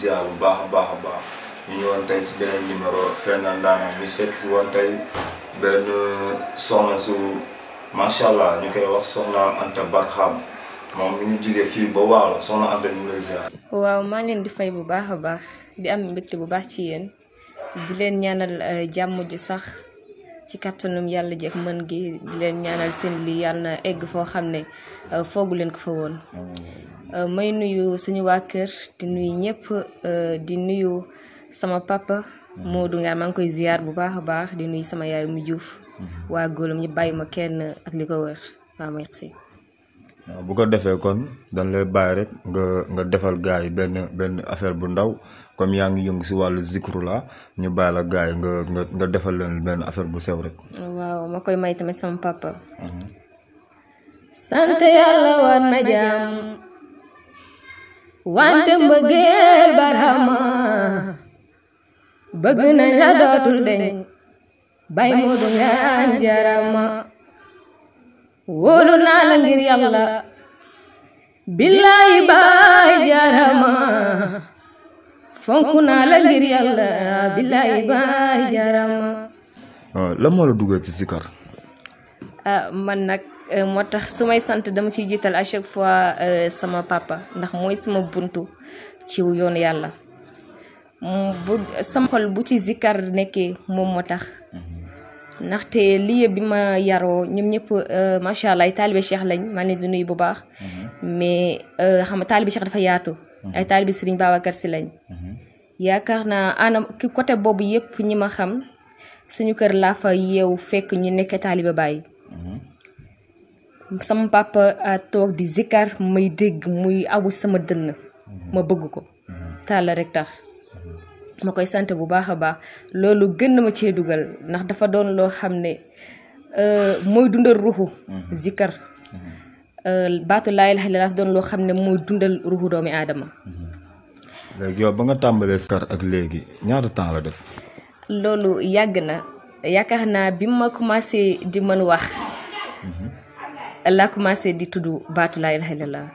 ziar bu baax a baax a baax ñu ngi woon si beneen numéro Fernane Ndanane ñu fekk si woon benn soxna su macha allah ñu koy wax soxna Anta Barham moom mi ñu jugee fii ba Waalo soxna Anta ñu ngi lay waaw maa leen di fay bu baax a baax di am mbégte bu baax ci yéen di leen ñaanal eh, jàmm ju sax. ci kàttanum yàlla jeeg mën gi di leen ñaanal seen lii yàlla na egg foo xam ne euh, foogu leen ko fa woon euh, may nuyu suñu waa kër di nuyu ñëpp euh, di nuyu sama papa Modou Ngaye maa ngi koy ziar bu baax a baax di nuyu sama yaay mu Juuf mm-hmm. waa góolam ñi bàyyi ma kenn ak li ko wër waaw merci waaw bu ko defee kon dañ lay bàyyi rek nga nga defal gars benn affaire bu ndaw comme yaa ngi yëngu ci wàllu zikru la ñu bàyyi la gars yi nga nga defal leen benn affaire bu sew rek. waaw ma koy may tamit sama papa. Mhm. sant yàlla war na jaam. wante mbëggeel barhama. bëgg nañ la dootul deñ. bay mu du jarama. wóolu naa la ngir yàlla billaahi baay jaarama fonk naa la ngir yàlla billaahi baay jaarama ah, lan la dugal ci sikar ah, man nag eh, moo tax su may sant dama ciy jiital à chaque fois eh, sama papa ndax mooy sama buntu ci yoon yàlla mm, bu sama xol bu ci zikar nekkee moom moo tax mhm. ndaxte lieu bi ma yaroo ñoom ñëpp euh, macha allah ay taalibe cheikh lañ maa leen di nuyu bu baax. Mhm. mais euh, xam nga taalibe cheikh dafa yaatu. Mhm. ay taalibe sëriñ Babacar si lañ. Mhm. yaakaar naa anam ki côté boobu yëpp ñi ma xam suñu kër laa fa yeewu fekk ñu nekk taalibe bàyyi sama papa toog di zikar may dégg muy awu sama dënn ma bëgg ko. taala rek tax. ma koy sant bu baax a baax loolu gën na ma cee dugal ndax dafa doon loo xam ne euh, mooy dundal ruuxu mhm. zikkar mhm. Euh, baatu laa ilaaha illallaah doon loo xam ne mooy dundal ruuxu doomi aadama mhm. léegi yow ba nga tàmbalee sikar ak léegi ñaata temps la def loolu yàgg na yaakaar naa bi ma commencé di mën wax laa commencé di tudd baatu laa ilaaha illallaah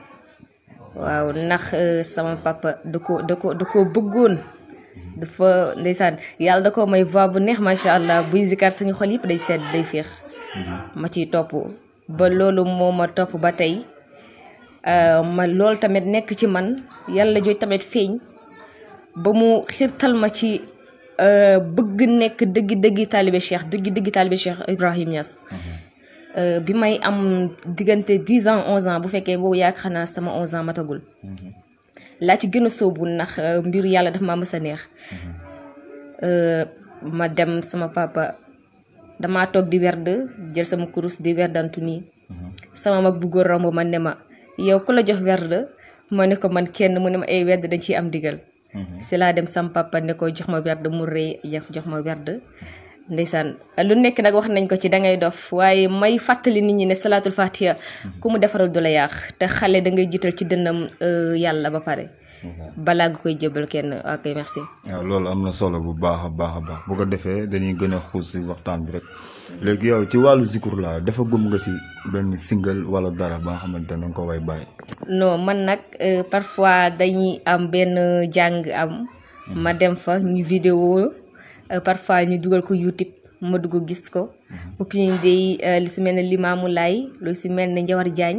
waaw ndax euh, sama papa da ko da ko da ko bëggoon dafa ndeysaan yàlla da ko may voix bu neex macha allah buy zikar sañu xol yëpp day sedd day féex. Mhm. ma ci topp ba loolu moo ma topp ba tey euh, ma loolu tamit nekk ci man yàlla jooy tamit feeñ ba mu xirtal ma ci euh, bëgg nekk dëgg dëgg taalibe Cheikh dëgg dëgg taalibe Cheikh Ibrahim Niass. Mhm. Euh, bi may am diggante dix ans onze ans bu fekkee boobu yaakaar xanaa sama onze ans matagul. Mhm. laa ci gën a sóobu ndax euh, mbiru yàlla dafa ma mës a neex euh, ma dem sama papa damaa toog di werd jël sama kurus di werdantu nii mhm. sama mag bu góor romb man ne ma yow ku la jox werd ma ne ko man kenn mu ne ma ay werd dañ ciy am digal mhm. si laa dem sama papa ne ko jox ma werd mu rëy jox ma werd ndeysaan lu nekk nag wax nañ ko ci dangay ngay dof waaye may fàttali nit ñi ne salaatul fatiha mhm. ku mu defaral du la yaax te xale da ngay jiital ci dënnam euh, yàlla ba pare mhm. balaa nga koy jébal kenn ok merci waaw loolu am na solo bu baax a baax a baax bu ko defee dañuy gën a xuus si waxtaan bi rek léegi yow ci wàllu zikur laa dafa gum nga si benn single wala dara ba nga xamante ne ko way bàyyi non man nag euh, parfois dañuy am benn jàng am mhm. ma dem fa ñu vidéo Euh, parfois ñu dugal ko YouTube ma dugg gis ko mhm. opinion day li si mel ne Limaamu Laay lu si mel ne Njawar Jaañ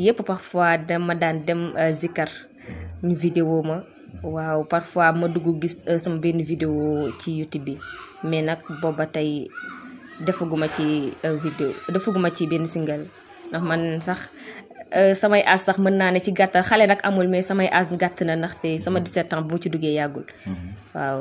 yëpp parfois dama daan dem euh, zikkar mhm. ñu vidéo ma waaw parfois ma dugg gis euh, sama benn vidéo ci YouTube bi mais nag booba tey defaguma ci vidéo defaguma ci benn single man sax samay as sax mën naa ne ci gàttal xale nag amul mais samay as gàtt na ndaxte sama 17 mhm. ans bu mu ci duggee yàggul waaw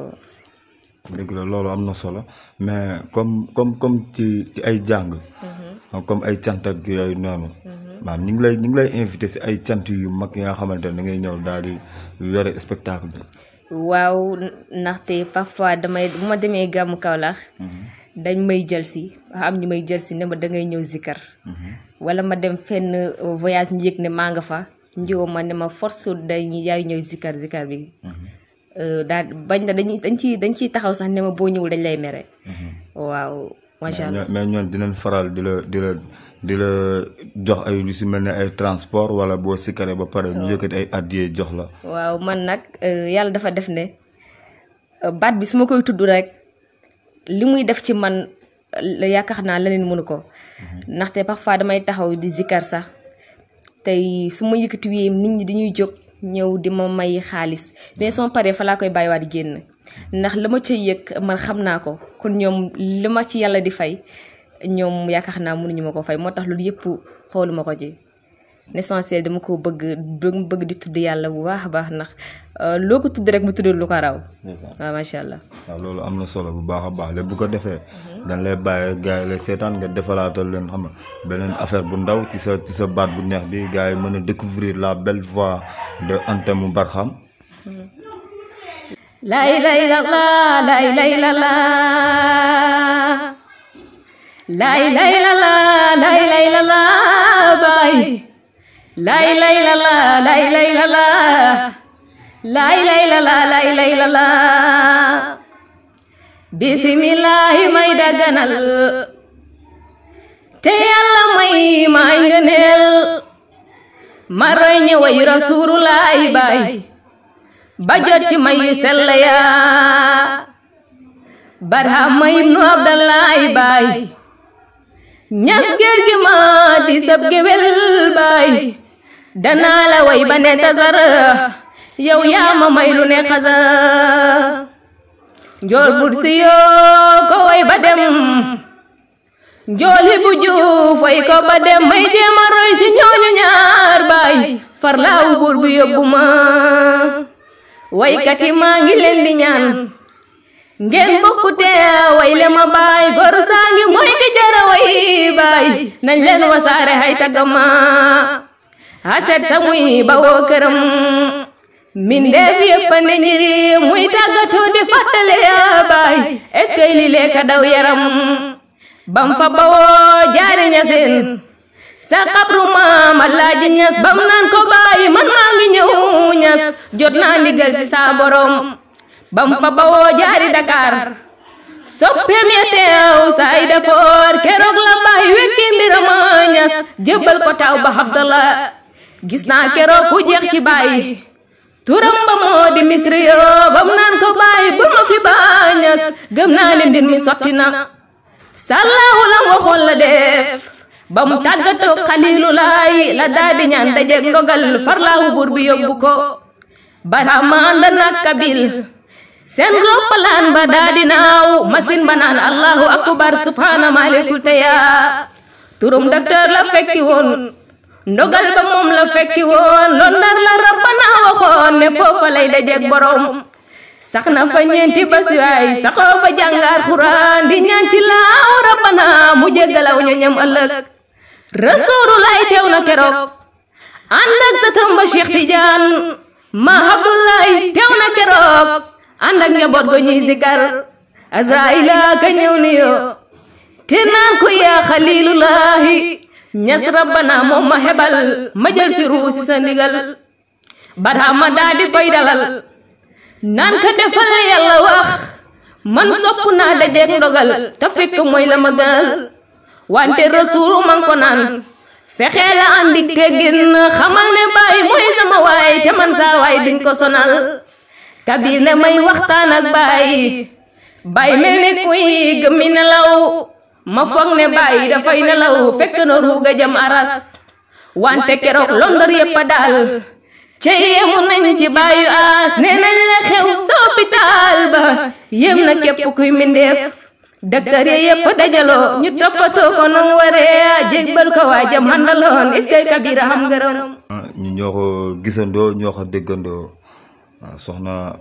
dëgg loolu am na solo mais comme comme comme ci ci ay jàng. Mm-hmm. comme ay cant ak yooyu noonu. Mm-hmm. maam ñu ngi lay ñu ngi lay invité si ay cant yu mag yi xamante ne da ngay ñëw daal di yore spectacle bi. waaw ndaxte parfois damay bu ma demee gàmmu Kaolack. Mm-hmm. dañ may jël si am ñu may jël si ne ma dangay ñëw zikar. wala ma dem fenn euh, voyage ñu ne maa nga fa njiwoo ma ne ma force dañuy yaay ñëw zikar zikar bi. Euh, daal bañ na dañuy dañ ci dañ ciy taxaw sax ne ma boo ñëwul dañ lay mere. Mm-hmm. waaw macha allah mais ñoon dinañ faral di la di la di la jox ay lu si mel ne ay transport wala boo sikkaree ba pare. ñu yëkkati ay addiyee jox la. waaw man nag euh, yàlla dafa def ne euh, baat bi su ma koy tudd rek li muy def ci man yaakaar naa leneen mënu ko. Mm-hmm. ndaxte parfois damay taxaw di zikkar sax tey su ma yëkkatiwee nit ñi dañuy jóg. ñëw di ma may xaalis mais sama paree fa laa koy bàyyiwaat génn ndax la ma ca yëg man xam naa ko kon ñoom lu ma ci yàlla di fay ñoom yaakaar naa ñu ma ko fay moo tax loolu yëpp xooluma ko ci. l'essentiel dama ko bëgg dama bëgg di tudd yàlla bu baax a baax ndax euh, loo ko tudd rek mu tudd lu ko raw. waaw macha allah. waaw loolu am na solo bu baax a baax lépp bu ko defee. Mhm. dañ lay bàyyi gars yi la seetaan nga defaraatal leen xam nga beneen affaire bu ndaw sa sa baat bu neex bi gars yi mën a découvrir la belle voix de Anta Mou Barham. lay mhm. lay lay lay la lay lay la la laay lay la la laay lay la la laay lay la la lay la la may daganal te yàlla may may ngëneel maroy ñëway rasuululaay baay ba jot ci may sell ya barhama ibnu abdallaay baay ñas géer gi di sab géwél baay danaa la way ba ne tasar yow yaa ma ne xasa njool bur si yoo ko way ba dem njooli bu juuf way ko ba dem may jéema si ñooñu ñaar baay farlaawu buur bu yóbbu ma waykati maa ngi leen di ñaan ngeen bokkute way le ma baay gor saa ngi mooy ki jara way baay nañ leen wasaare hay tagama aset sa muy bawoo këram mbindeef yépp a ne muy tàggatoo di fàttale yaa baay est-ce que li lekk fa bawoo jaari ñaseen sa xabru maam alaaji ñas bam naan ko bàyyi man maa ngi ñëw ñas jot naa ndigal ci saa borom bam fa bawoo jaari Dakar soppeem ya teew saay dapoor keroog la bàyyi wekki mbirama ñas jébbal ko taw ba Abdallah gis naa keroog ku jeex ci bàyyi turam ba moo di misri yoo bam naan ko bàyyi bu ma fi bañas gëm naa ne mbir mi sotti na sàllaahu la waxoon la def ba mu tàggatoo xaliilu laay la daa di ñaan ndogal farlaahu buur bi yóbbu ko barama ànd nag kabil seen roppalaan ba daa naaw masin ba naan allahu akbar subhaana malikul teya turum docteur la fekki woon ndogal ba moom la fekki woon lool la rabbana waxoon ne foofa lay dajeek borom sax na fa ñeenti bas saxoo fa jàng alxuraan di ñaan laaw rabbana mu jéggalaw ñu ñam ëllëg rasuulullaay teew na keroog ànd ak sa sëmba Cheikh Tidiane ma habdullaay teew na keroog ànd ak njaboot go ñuy zikar azraila ka ñëw ni yo te naan ko yaa xalilullahi ñes rabbana moom ma xebal ma jël si ruu si sa ndigal baraama daa koy dalal naan ka defal yàlla wax man sopp naa dajeeg ndogal te fekk mooy la ma gënal wante rasuulu man ko naan fexe la andi teggin xamal ne baay mooy sama waay te man saa waay duñ ko sonal kabir ne may waxtaan ak baay baay mel ni kuy gëmmi nelaw ma foog ne bàyyi dafay nelaw fekk na ruug a jëm aras wante keroog londor yépp a daal ca yéemu nañ ci bàyyu aas nee nañ la xew sa hôpital ba yéem na képp kuy mbindeef docteur ya yépp dajaloo ñu toppatoo ko noonu waree jégbal ko waa jëm handaloon est-ce kabira xam ngërëm ñu ñoo ko gisandoo ñoo ko déggandoo soxna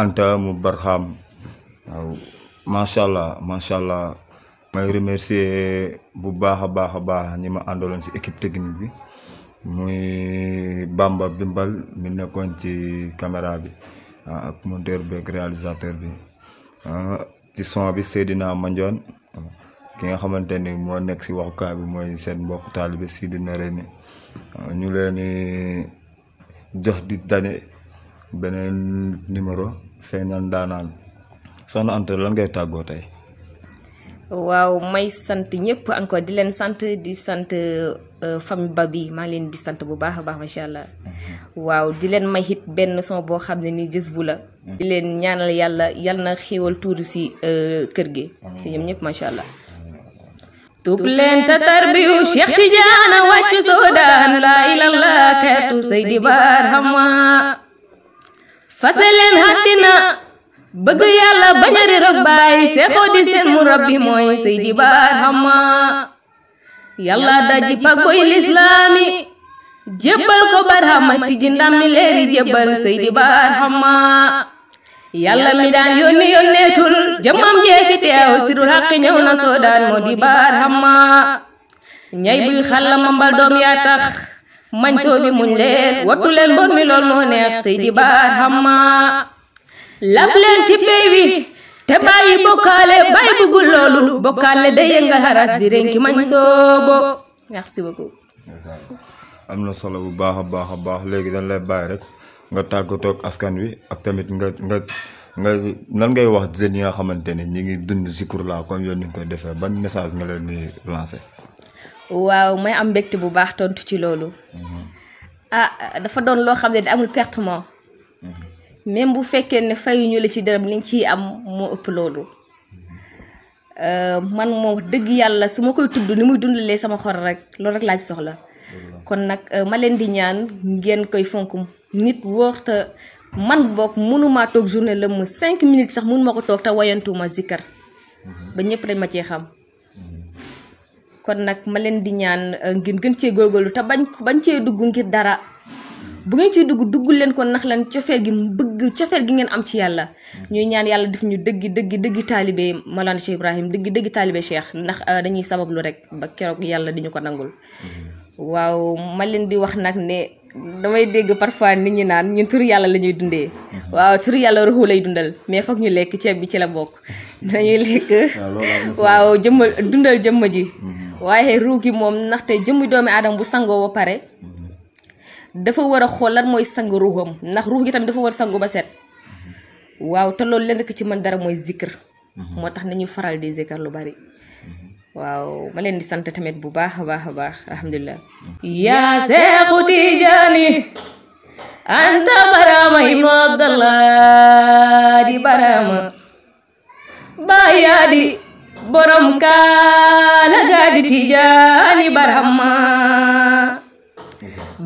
Anta mu Barxaam waaw macha may remercier bu baax a baax a baax ñi ma àndaloon si équipe technique bi muy Bamba Bimbal mi nekkoon ci caméra bi ah, ak monteur bi ah, ci son bi Seydina Mandione ki nga xamante ni moo nekk si waxukaay bi mooy seen mbokk taalibe Sidi Noreyni ah, ñu leen jox di daje beneen numéro feeñal ndaanaan soxna Anta lan ngay tàggoo tey. waaw may sant ñëpp encore di leen sant di sant euh, famille ba bi maa ngi leen di sant bu baax a baax macha allah mhm. waaw di leen may hit benn son boo xam ne ni jës bu la. Mhm. di leen ñaanal yàlla yal na xéwal tuuti si euh, kër gi. si ñoom ñëpp macha allah. tub leen te tarbiyu Cheikh Tidiane wàcc soodaan laa ilalla xeetu Seydi Barhama fase leen hattina bëgg yàlla bañ a réer ak baay seexoo di seen mu rabbi mooy Seydi Barhama yàlla daji pagoy lislaami jébbal ko Barhama tijji ndàmmi leeri jébbal Seydi Barhama yàlla mi daan yónni yónneetul jëmmam jeefi teew sirul xaq ñëw na soo moo di Barhama ñay buy xalla mambal doom yaa tax mañ soo muñ leen wattu leen mi lool moo neex Seydi Barhama lab leen ci pey wi te bàyyi bokkaale bàyyi bëggul loolu bokkaale day yëngal xaras di na solo bu baax a baax a baax léegi dañ lay bàyyi rek nga tàggatoo ak askan wi ak tamit nga nga ngay wax jeunes yi nga xamante ne ñi ngi dund Zikr la comme yoon ni nga koy defee ban message nga leen di lancé waaw may am mbégte bu baax tontu ci loolu mhm. ah dafa doon loo xam ne amul pertement mhm. même bu fekkee ne fayuñu la ci dërëm li nga ciy am mu ëpp loolu euh, man moo dëgg yàlla su ma koy tudd ni muy dundalee sama xol rek loolu rek laa soxla kon nag euh, ma leen di ñaan ngeen koy fonk nit woorta man boog mënumaa toog journée la mu cinq minutes sax ko toog te wayantuma zikkar ba ñëpp dañ ma cee xam kon nag ma di ñaan euh, ngeen gën cee góorgóorlu te bañ bañ cee dugg ngir dara bu ngeen ciy dugg duggul leen ko nax leen cofeel gi bëgg cofeel gi ngeen am ci yàlla ñuy ñaan yàlla def ñu dëgg dëgg dëgg taalibe Maulana Ibrahim dëgg dëgg taalibe Cheikh ndax euh, dañuy sabablu rek ba keroog yàlla di ñu ko nangul waaw ma leen di wax nag ne damay dégg parfois nit ñi naan ñun tur yàlla la ñuy dundee waaw tur yàlla ruuxu lay dundal mais foog ñu lekk ceeb bi ci la bokk dañuy lekk ah, waaw jëmma dundal jëmm ji mm-hmm. waaye ruugi moom ndaxte jëmm doomi aadama sangoo ba pare dafa war a xool lan mooy sang ruuxam ndax ruux gi tamit dafa war sangu ba set waaw te loolu lenn ko ci man dara mooy zikr mhm. moo tax nañu faral de zikr lu bari waaw ma leen di sant tamit bu baax a baax a baax alhamdulilah mhm. yaa seexu tijaani anta barama ibnu abdallah di barama baayaa di borom kaala gaa di tijaani barama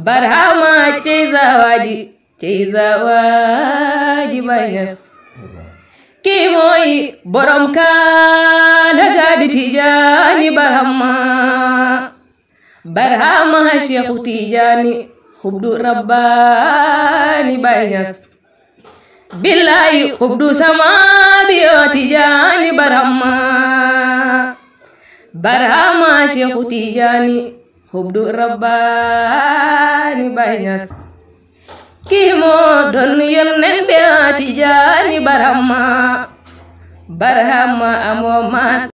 barhama cey zawaaji cey zawaaji Baay Ñas kii mooy borom kaala gaadi tiijaani barhama barhama ha tiijaani xubdu rabbaani Baay Ñas billahi xubdu sama biyo tiijaani barhama barhama ceexu tiijaani Xubdu rabbaani Baay Ñas kii moo Tijaani Barhama